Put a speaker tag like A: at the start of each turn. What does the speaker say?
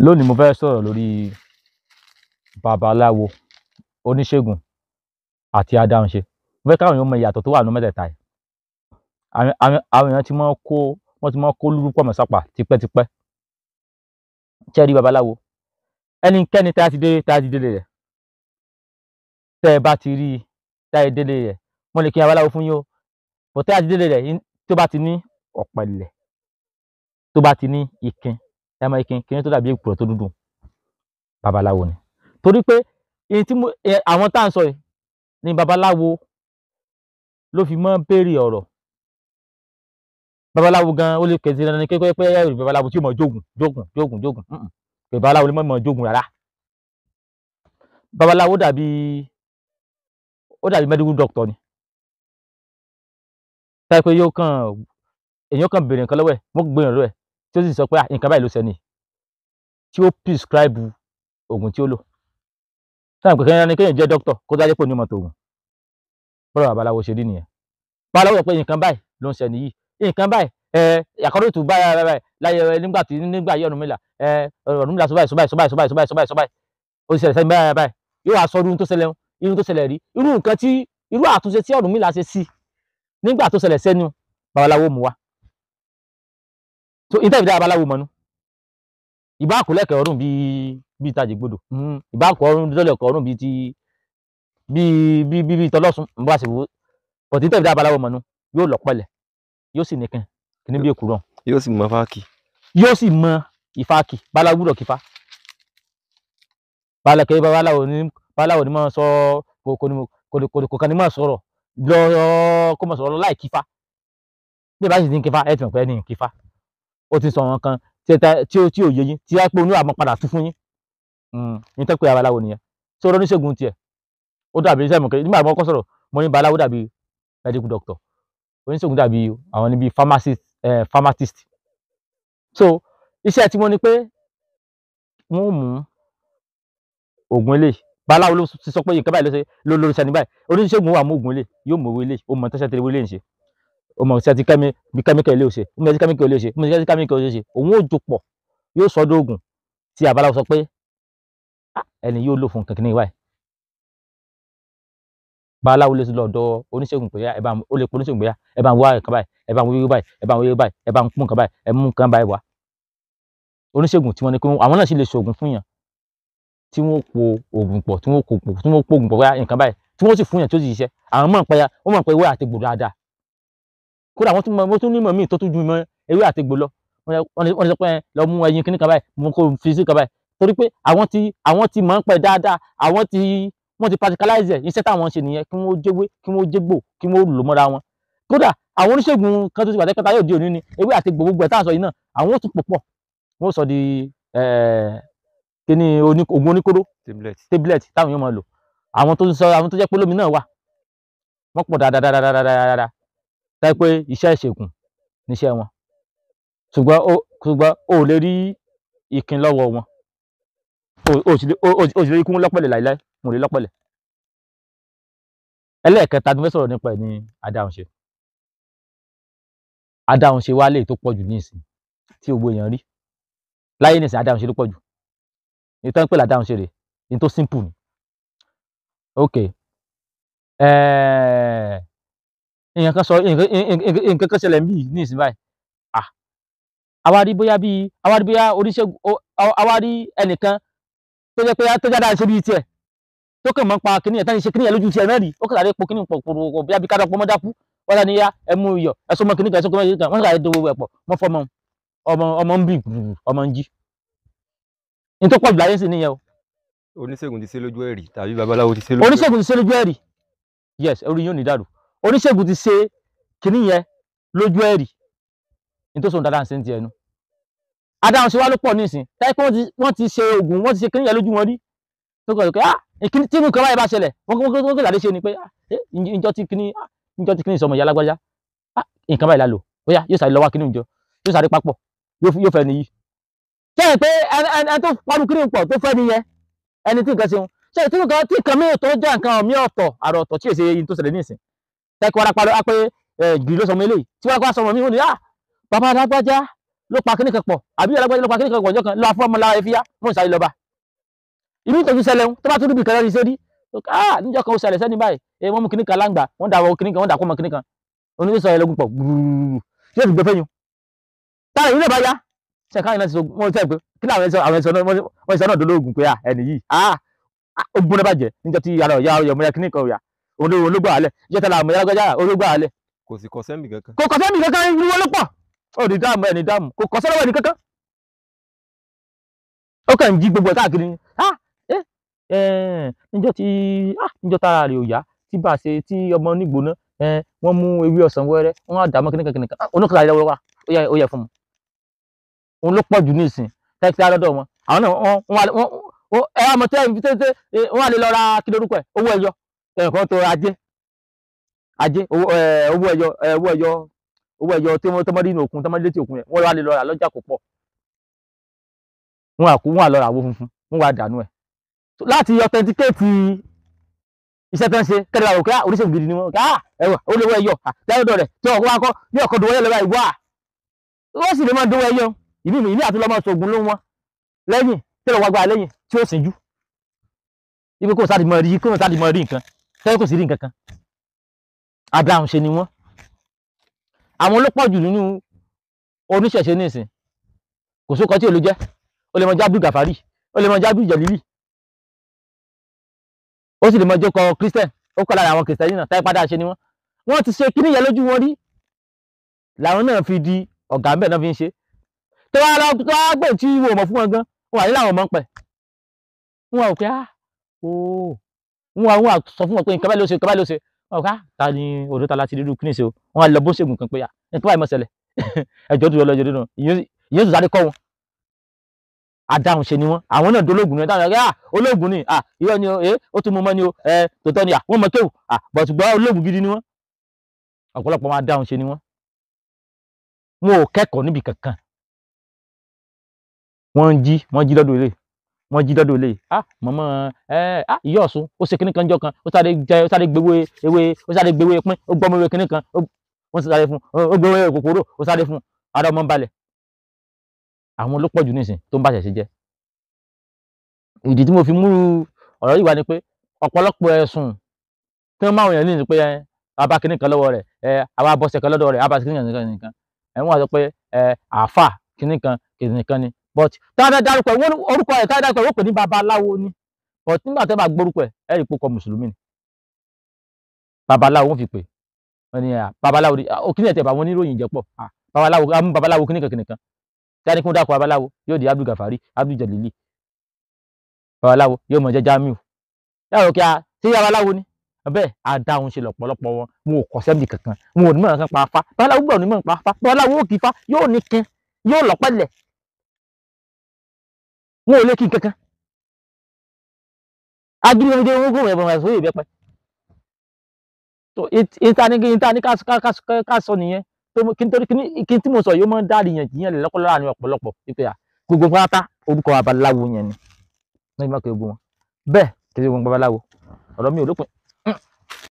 A: lónìí mo fẹ́ sọ̀rọ̀ lórí babaláwo oníṣègùn àti adáhunṣe mo fẹ́ káwọn èèyàn mọ ìyàtọ̀ tó wà ní mẹ́tẹ̀ẹ̀ta yìí àwọn èèyàn ti mọ́ kó wọ́n ti mọ́ kó lúrú pọ̀ mọ́ sápà tipẹ́tipẹ́ kẹ́rí babaláwo ẹnikẹ́ni tá a ti délé tá a ti délé rẹ̀ tẹ́ ẹ bá ti rí i tá a délé rẹ̀ wọ́n lè kí babaláwo fún yín o bọ̀ tá a ti délé rẹ̀ tó bá ti ní ọ̀pẹ̀lẹ̀ tó bá ti ní ikin ẹ mọ ikin kí ni tó dàbí èkùrọ́ tó dúdú babaláwo ni torí pé àwọn tá à ń sọ yìí ni babaláwo ló fi mọ́ béèrè ọ̀rọ̀ babaláwo gan ó lè kẹsì dandan ní kékeré pé ẹrù babaláwo tí mo jogun jogun jogun jogun babaláwo lè mọ mọ jogun rárá babaláwo dàbí ó dàbí medical doctor ni táyà pé yóò kàn èèyàn kàn béèrè nǹkan lọ́wọ́ ẹ̀ wọ́n gbé ìrànlọ́wọ́ tí ó sì sọ pé ah, nǹkan báyìí ló ṣẹni tí ó prescribe oògùn tí ó lò táwọn pèsè ẹni kéèyàn jẹ́ dókítà kó dájẹ́ pò ní mọ̀tò oògùn bọ́lá babaláwo ṣe rí nìyẹn babaláwo sọ pé nǹkan báyìí ló ń ṣẹni yìí nǹkan báyìí ẹ àkọ́rọ́ ètò báyà báyà láyé nígbà tí nígbà yí Ọ̀rúnmìlà ẹ Ọ̀rúnmìlà sọ báyìí sọ báyìí sọ báyìí sọ báyìí sọ báyìí sọ báyìí ó ṣẹlẹ̀ sẹ́yìn báyà báyìí yóò wá sọ irú tó ṣẹlẹ̀ irú tó ṣẹlẹ̀ rí irú nǹkan tí irú àtúnṣe tí Ọ̀rúnmìlà ṣe sí nígbà tó ṣẹlẹ̀ sẹ́nu babaláwo mú wa so in tẹ́bi dá abaláwo mọ́nú ìbá kò lẹ́kẹ̀ẹ́ ọ̀rùn bíi bíi ìtajì gbọdọ̀ hmm. ìbá kò ọ̀rùn dọ́lẹ̀ kọ̀ ọ̀rùn bíi ti bíi bíi bíi tọlọ́sùn ń bá ṣèwò bọ̀tí tẹ́bi dá abaláwo mọ́nú yóò lọ pẹ̀lẹ́ yóò sì nìkan kìíní bí èkúrọ̀. yóò sì mọ fáàkì. yóò sì mọ ìfáàkì báláwo gbúdọ̀ kífá balẹ̀kẹ́ báláwo ní báláwo ní máa sọ kò kàn ní máa sọ̀rọ̀ lọ́ọ́ kó máa sọ̀rọ̀ láì kífá bí ìbá ti ń kífá ẹ̀ tì mọ̀ pé ẹ̀ ní kífá ó ti sọ wọn kan tí ó tí ò yé yín tí á pé onú àmọ́ padà tún fún yín hmm, ní tẹ́pẹ́ abaláwo nìyẹn tí ó rọ́ níṣègùn tiẹ̀ ó dàbí iṣẹ́ ìmọ̀kẹ́ nígbà mọ́kọ́ sọ̀rọ̀ mo ní babaláwo dàbí medical doctor oníṣègùn dàbí àwọn níbi pharmacist eh, pharmacist so iṣẹ́ tí wọ́n ní pé wọ́n mú oògùn eléyìí babaláwo ló ti sọ pé ìkẹ́ báyìí ló ṣe ló lórí sẹ́ni báyìí oníṣègùn wà mú oògùn eléyìí yóò mú owó eléyìí ó mọ tẹ́sẹ̀ tẹ́lẹ̀ owó eléyìí ń ṣe ó mọ̀ ṣe ti kẹ́mi bí kẹ́míkà ilé òṣè ó mọ̀ ṣe kẹ́míkà ilé òṣè ó mọ̀ ṣe kẹ́míkà ilé òṣè òun ó jò pọ̀ yóò sọ dóògùn tí àbáláwo sọ pé ẹni yóò lò fún kankan ní ìwáyìí báláwo lè lọ ọ̀dọ̀ oníṣègùn pé ẹ bá ń ó lè pọ oníṣègùn pé ẹ bá ń wá nǹkan báyìí ẹ bá ń wíwí báyìí ẹ bá ń wíwí báyìí ẹ bá ń mú nǹkan báyìí ẹ mú nǹkan báyìí wá oníṣègùn tí wọ́n ní pé àwọn náà sì lè ṣoògùn fún yàn tí wọ́n po oògùn pọ̀ tí wọ́n po oògùn pọ̀ tí wọ́n po oògùn pọ̀ nǹkan báyìí tí wọ́n sì fún yàn tí ó sì ṣiṣẹ́ àwọn mọ̀ pé wọ́n mọ̀ pé wọ́n àti gbòdò dáadáa kódà wọ́n tún mọ wọ́n tún nímọ̀ míì tó tún ju ìmọ̀ ewé àti egbò lọ wọ́n lè sọ pé lọ mú ẹyin kíní kan báyìí mo kò fi sí kan báyìí torí pé àwọn ti àwọn ti mọ̀ ń pẹ́ dáadáa àwọn ti wọ́n ti practicalize ẹ̀ iṣẹ́ táwọn ń ṣe nìyẹn kí wọ́n jẹ́wé kí wọ́n jẹ́gbò kí wọ́n lò mọ́ra wọn kódà àwọn oníṣègùn kan tó ti pàtẹ́ kẹta yóò di òní ni ewé àti egbò gbogbo ẹ̀ tá à ń sọ yìí náà àwọn ó tún pọ̀ pọ̀ wọ́n sọ di kíní oògùn oníkóró tablet táwọn yóò máa lò àwọn tó ń sọ àwọn tó jẹ́ pé lómi náà wà wọ́n pọ̀ dáadáa dáadáa dáadáa tẹ́ pé iṣẹ́ ìṣègùn níṣẹ́ wọn ṣùgbọ́n ó ṣùgbọ́n ó lè rí ìkin lọ́wọ́ wọn ó sì lè rí kún lọ́pẹ̀lẹ̀ láíláí mo lè lọ́pẹ̀lẹ̀ ẹlẹ́ẹ̀kẹta tó fẹ́ sọ̀rọ̀ nípa ẹ̀ ní adáhunṣe adáhunṣe wá lè tó pọ̀ jù ní ìsìn tí gbogbo èèyàn rí láyé ní ìsìn adáhunṣe ló pọ̀ jù ìtọ́ ń pè ládáhunṣe rè ní tó simple ni ok ẹ̀ẹ́. Eh, èèyàn kan sọ nǹkan kan ṣẹlẹ̀ níbí ní ìsìn báyìí ah awárí bóyá bíi awárí bóyá oníṣègùn awárí ẹnìkan tó jẹ́ pé tó jáde àìsí bíi tiẹ̀ tó kàn mọ́ pa kíní ẹ̀ tán ṣe kíní ẹ̀ lójú tiẹ̀ náà ó kàn sáré po kíní pọ̀ pòrò pọ̀ bí abíkádọ́ pọ́ mọ́ dákú wọ́n dá níyà ẹ mú iyọ̀ ẹ sọ mọ́ kíní kan ẹ sọ kíní kan wọ́n sáré do gbogbo ẹ̀ pọ̀ mọ́ fọ́ ọmọ ọmọ ń bì ọmọ ń jí ní tó pọ̀ oníṣègùn ti ṣe lójú ẹ̀rí tàbí babaláwo ti ṣe lójú ẹ̀rí. oníṣègùn ti ṣe lójú ẹ̀rí yes orí yóò ní dàrú oníṣègùn ti ṣe kinní yẹn lójú ẹ̀rì nítòsí òun dáadáa ń ṣe ń ti ẹnu adáhùn ṣe wá ló pọ̀ nísìn táyé pé wọ́n ti ṣe oògùn wọ́n ti ṣe kinní yẹn lójú wọn rí tó kọ̀ ọ́ pé ah ìkíní tí nǹkan báyìí bá ṣẹlẹ̀ wọ́n kò kò láti ṣe ni pé ah, ìjọ tí kinní ah, ìjọ tí kinní sọmọ ìyá alágbájá ah nǹkan báyìí la lò bóyá yóò sáré lọ wá kinní ìjọ yóò sáré papọ̀ yóò fẹ́ ni yìí sẹ́yìn pé ẹni tó panu kiri pọ̀ tó fẹ́ nìyẹn ẹni tí nǹkan ṣeun sẹ́yìn tí nǹkan tí nǹkan mìíràn tó jẹ́ nǹkan mí ọ̀tọ̀ àrọ̀ ọ̀tọ̀ tí èsè yìí tó ṣẹlẹ̀ nísìn tẹ́kọ̀ wára parọ́ pé jù ló sọmọ eléyìí tí wọ́n kọ́ sọmọ mi wọ́n ni ah bàbá alágbájá ló pa kíní kan pọ̀ àbí alágbájá ló pa kíní kan pọ̀ ọjọ́ kan lọ afọ́ ọmọ lára ẹ̀fíyá wọ́n sáré lọ́ba ìlú ìtọ́jú ṣẹlẹ̀ ń tó bá tún níbi kan rẹ̀ ṣe rí ah níjọ́ kan ó ṣẹlẹ̀ sẹ́ni báyìí wọ́n mú kíní kan láǹgbà wọ́n dà wọ́n kíní kan wọ́n dà kọ́ mọ́ kíní kan oníṣẹ́ sọ̀rọ̀ ẹlẹ́gùn pọ̀ yóò fi gbé fẹ́yìn tára ìlú náà bá yá ṣẹ̀káyìn náà ti sọ wọ́n sẹ́ pé kí ni àwọn ẹ̀sọ́ náà dolóògùn pé ah, ẹni yìí ah ogun ológbò alẹ jẹta la àmọ yàrá ológbò alẹ. kò sì kọsẹ́ mi kankan. kò kọsẹ́ mi kankan irú wọn ló pọ̀ ó ní dáàmú ẹni dáàmú kò kọsẹ́ lọ́wọ́ ẹni kankan. ó gbogbo káàkiri ni tí tára yá tí bá a ṣe tí ọmọ onígbóná mú ewé ọ̀sán wẹ́rẹ́ á dààmú ó yẹ fún òun ló nǹkan tó ajé ajé owó ẹyọ owó ẹyọ owó ẹyọ tí wọ́n tọmọdé inú òkun tọmọdé létí òkun yẹn wọ́n wá lè lọ rà lọ́jà kò wọn àkú wọn àlọ funfun wọn wá dànù ẹ̀ láti ọtẹntikéètì iṣẹ́ tó ń ṣe kẹ́rẹ́ àwọn ah, gidi ni ká ah, ẹwà ó lè ah, wọ ní à wọ́n sì lè máa tẹ́lẹ̀ kò sí rí nǹkan kan abraham ṣe ni wọ́n àwọn olópọ̀ jù nínú oníṣẹ̀ṣe ní ìsìn kò sókọ tí èlò jẹ́ ó lè mọ jábù gàfárì ó lè mọ jábù jẹ̀lílì ó sì lè mọ jókòó christian ó kọ́ lára àwọn kìrìsìtẹ́nì náà táyé padà ṣe ni wọ́n wọ́n ti ṣe kíní yẹn lójú wọn rí làwọn náà fi di ọ̀gá ń bẹ̀ náà fi ń ṣe tó wá lọ tó wá gbé tí wọn ò mọ̀ fún wọn gan wọn wà nílẹ̀ àwọn ọmọ ń pẹ̀ wọn ò pé ah ooo wọn wá wọn sọ fún wọn pé nǹkan báyìí ló ṣe nǹkan báyìí ló ṣe wọn ká ah, ta ni odò ta láti rírú kíníṣe o wọn á lọ bó ṣègùn kan pé à ah, nǹkan báyìí mọ ṣẹlẹ̀ ẹjọ́ tó yọ lọ jọdún náà ìyẹn sùn sáré kọ́ wọn adáhùn ṣe ni wọn àwọn náà dológun ni táwọn ah ológun ni ah irọ́ ni ẹ eh, ó tún mú mọ́ ni o ẹ eh, tòótọ́ ni ah wọ́n mọ kéwù ah but ṣùgbọ́n ológun gidi ni wọn ọ̀pọ̀lọpọ̀ wọn adáhùn ṣe ni wọn wọn ò kẹ́kọ̀ọ́ níbi kankan wọ́n ń jí wọ́n jí lọ́dún eléyìí wọ́n jí dọ́dọ̀ lè ah mọ̀mọ́ ẹ ah ìyá ọ̀sùn ó ṣe kíní kan jọ kan ó sáré jẹ ó sáré gbéwé ewé ó sáré gbéwé pín ó gbọ́mọ ewé kíní kan ó sáré fún ó gbéwé kòkòrò ó sáré fún ara ọmọ ń balẹ̀ àwọn ló pọ̀ jù nísìn tó ń bàṣẹ̀ sí jẹ́ ìdí tí mo fi mú ọ̀rọ̀ yìí wá ni pé ọ̀pọ̀lọpọ̀ ẹ̀sùn tí wọ́n máwọn èèyàn ní pé abá kíní kan lọ́wọ́ rẹ̀ ẹ àwa bọ́sẹ̀ kan lọ́dọ̀ rẹ̀ abá kíní kan nìkan ẹ̀ wọ́n sọ pé ẹ àáfà kíní kan kìnìkan ni but táwọn fẹ́ dárúkọ ẹ̀ orúkọ ẹ̀ táwọn dárúkọ ẹ̀ wọ́n pè ní babaláwo ni but nígbà tẹ́ bá gbórúkọ ẹ̀ ẹ̀ rí ìpokọ mùsùlùmí ni babaláwo wọ́n fi pè wọ́n ní babaláwo ni òkìní ẹ̀ tẹ̀ bá wọn níròyìn jẹ́ pọ̀ babaláwo amú babaláwo kíní kankan kan táwọn ní kí wọ́n dákọ̀ babaláwo yóò di Abdul Gafari Abdul Jalili babaláwo yóò mọ̀ jẹ́ Jamiu yàrá òkè à sí babaláwo ni bẹ́ẹ̀ adáhùn ṣe lọ́pọ̀lọpọ̀ wọn wọn ò kọ́sẹ́ mi kankan wọn ò ní mọ̀ nǹkan pa afá babaláwo gbọ́dọ̀ ní mọ̀ nípa afá babaláwo ó kì í fa yóò ní kin yóò lọ́pẹ̀lẹ̀ wọn ò lè kí kankan agídíwọ̀ndé wọn gòwò ẹ̀bọ̀n àìsàn ìbẹ́pẹ ìtaní ká sọ nìyẹn kí n tí mo sọ yóò máa ń dáàrí yẹn jìyàn lọ́pọ̀lọpọ̀ láàrin ọ̀pọ̀lọpọ̀ pípẹ́ à gbogbo pátá orúkọ babaláwo yẹn ni wọ́n fi máa ń pe gbogbo wọn bẹ́ẹ̀ kí n ṣe gbogbo babaláwo ọ̀rọ̀ mi ò lópin